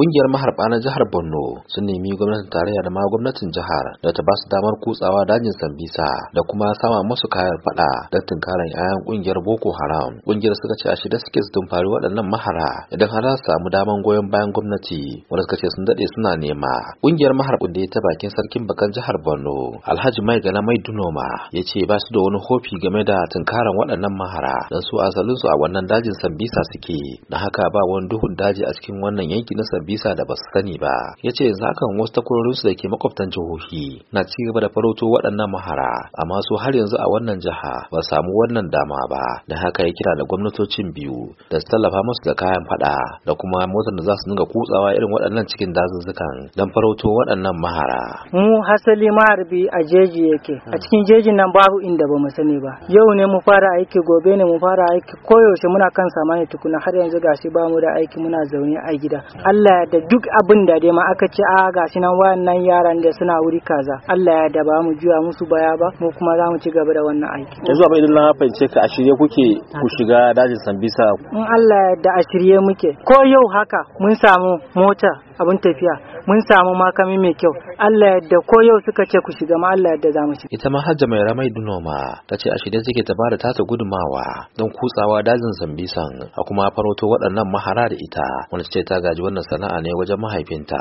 kungiyar maharba na jihar borno sun nemi gwamnatin tarayya da ma gwamnatin jihar da ta ba su damar kutsawa dajin sambisa da kuma sama musu kayan fada da tunkaran yayan kungiyar boko haram kungiyar suka ce a shida suke su tunfari waɗannan mahara idan har su samu damar goyon bayan gwamnati wanda suka ce sun daɗe suna nema kungiyar maharba da ta bakin sarkin bakan jihar borno alhaji mai gana mai dunoma ya ce ba su da wani hofi game da tunkaran waɗannan mahara don su asalinsu a wannan dajin sambisa suke na haka ba wani duhun daji a cikin wannan yanki na bisa da basu sani ba ya ce yanzu hakan wasu takwarorinsu da ke makwabtan jihohi na ci gaba da farauto waɗannan mahara amma su har yanzu a wannan jiha ba samu wannan dama ba da haka ya kira da gwamnatocin biyu da su tallafa musu da kayan fada da kuma motar da za su dinga kutsawa irin waɗannan cikin dazuzzukan don farauto waɗannan mahara. mu hasali maharbi a jeji yake a cikin jejin nan babu inda ba mu sani ba yau ne mu fara aiki gobe ne mu fara aiki koyaushe muna kan samani tukuna har yanzu gashi ba mu da aiki muna zaune a gida Allah da duk abin da dai ma aka ce a ah, gashi nan wayannan yaran da suna wuri kaza Allah ya da ba mu juya musu baya ba mu kuma za mu ci gaba da wannan aiki yanzu abin idan na fahimce ka a shirye kuke ku shiga dajin Sambisa in Allah ya da a shirye muke ko yau haka mun samu mota abin tafiya mun samu makami mai kyau Allah yadda ko yau suka ce ku shiga ma Allah yadda za mu shiga ita ma hajja mai ramai dunoma ta ce a shirye suke ta bada tata gudumawa don kutsawa dajin Sambisan, a kuma faroto waɗannan mahara da ita wani ce ta gaji wannan sana'a ne wajen mahaifinta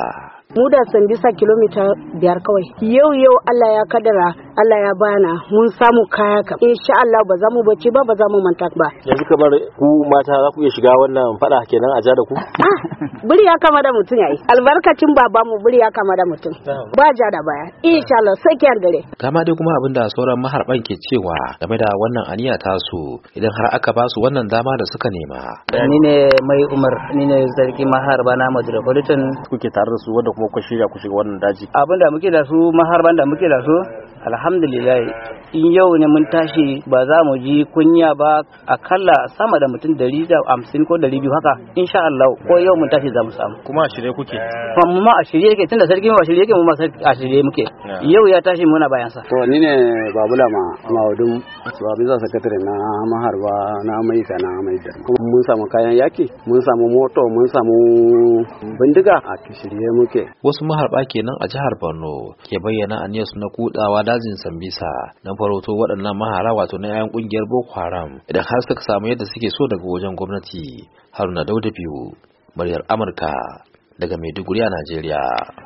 mu da sambisa kilomita biyar kawai yau yau Allah ya kadara Allah ya bana mun samu kaya kam insha Allah ba za mu bace ba ba za mu manta ba yanzu kamar ku mata za ku iya shiga wannan fada kenan a da ku ah, buri ya kama da mutum yayi albarkacin baba mu buri ya kama da mutum ba jada da baya insha Allah sai kyan dare kama dai kuma abinda sauran maharban ke cewa game da wannan aniya ta su idan har aka ba su wannan dama da suka nema ni ne mai umar ni ne sarki maharba na metropolitan kuke tare da su wanda kuma ku shirya ku shiga wannan daji abin da muke da su maharban da muke da su alhamdulillah in yau ne mun tashi ba za mu ji kunya ba akalla sama da mutum dari da hamsin ko dari biyu haka insha Allah ko yau mun tashi za mu samu kuma a shirye kuke mu ma a shirye yake tunda sarki a shirye yake mu ma a shirye muke yau ya tashi muna bayan sa to ni ne babula ma maudum babu za sakatare na maharba na mai ka na mai da mun samu kayan yaki mun samu moto mun samu bindiga a shirye muke wasu maharba kenan a jihar Borno ke bayyana aniyarsu na kudawa dajin Sambisa dan farauto waɗannan mahara wato na 'ya'yan ƙungiyar boko haram idan har suka samu yadda suke so daga wajen gwamnati haruna dauda biyu muryar amurka daga maiduguri a najeriya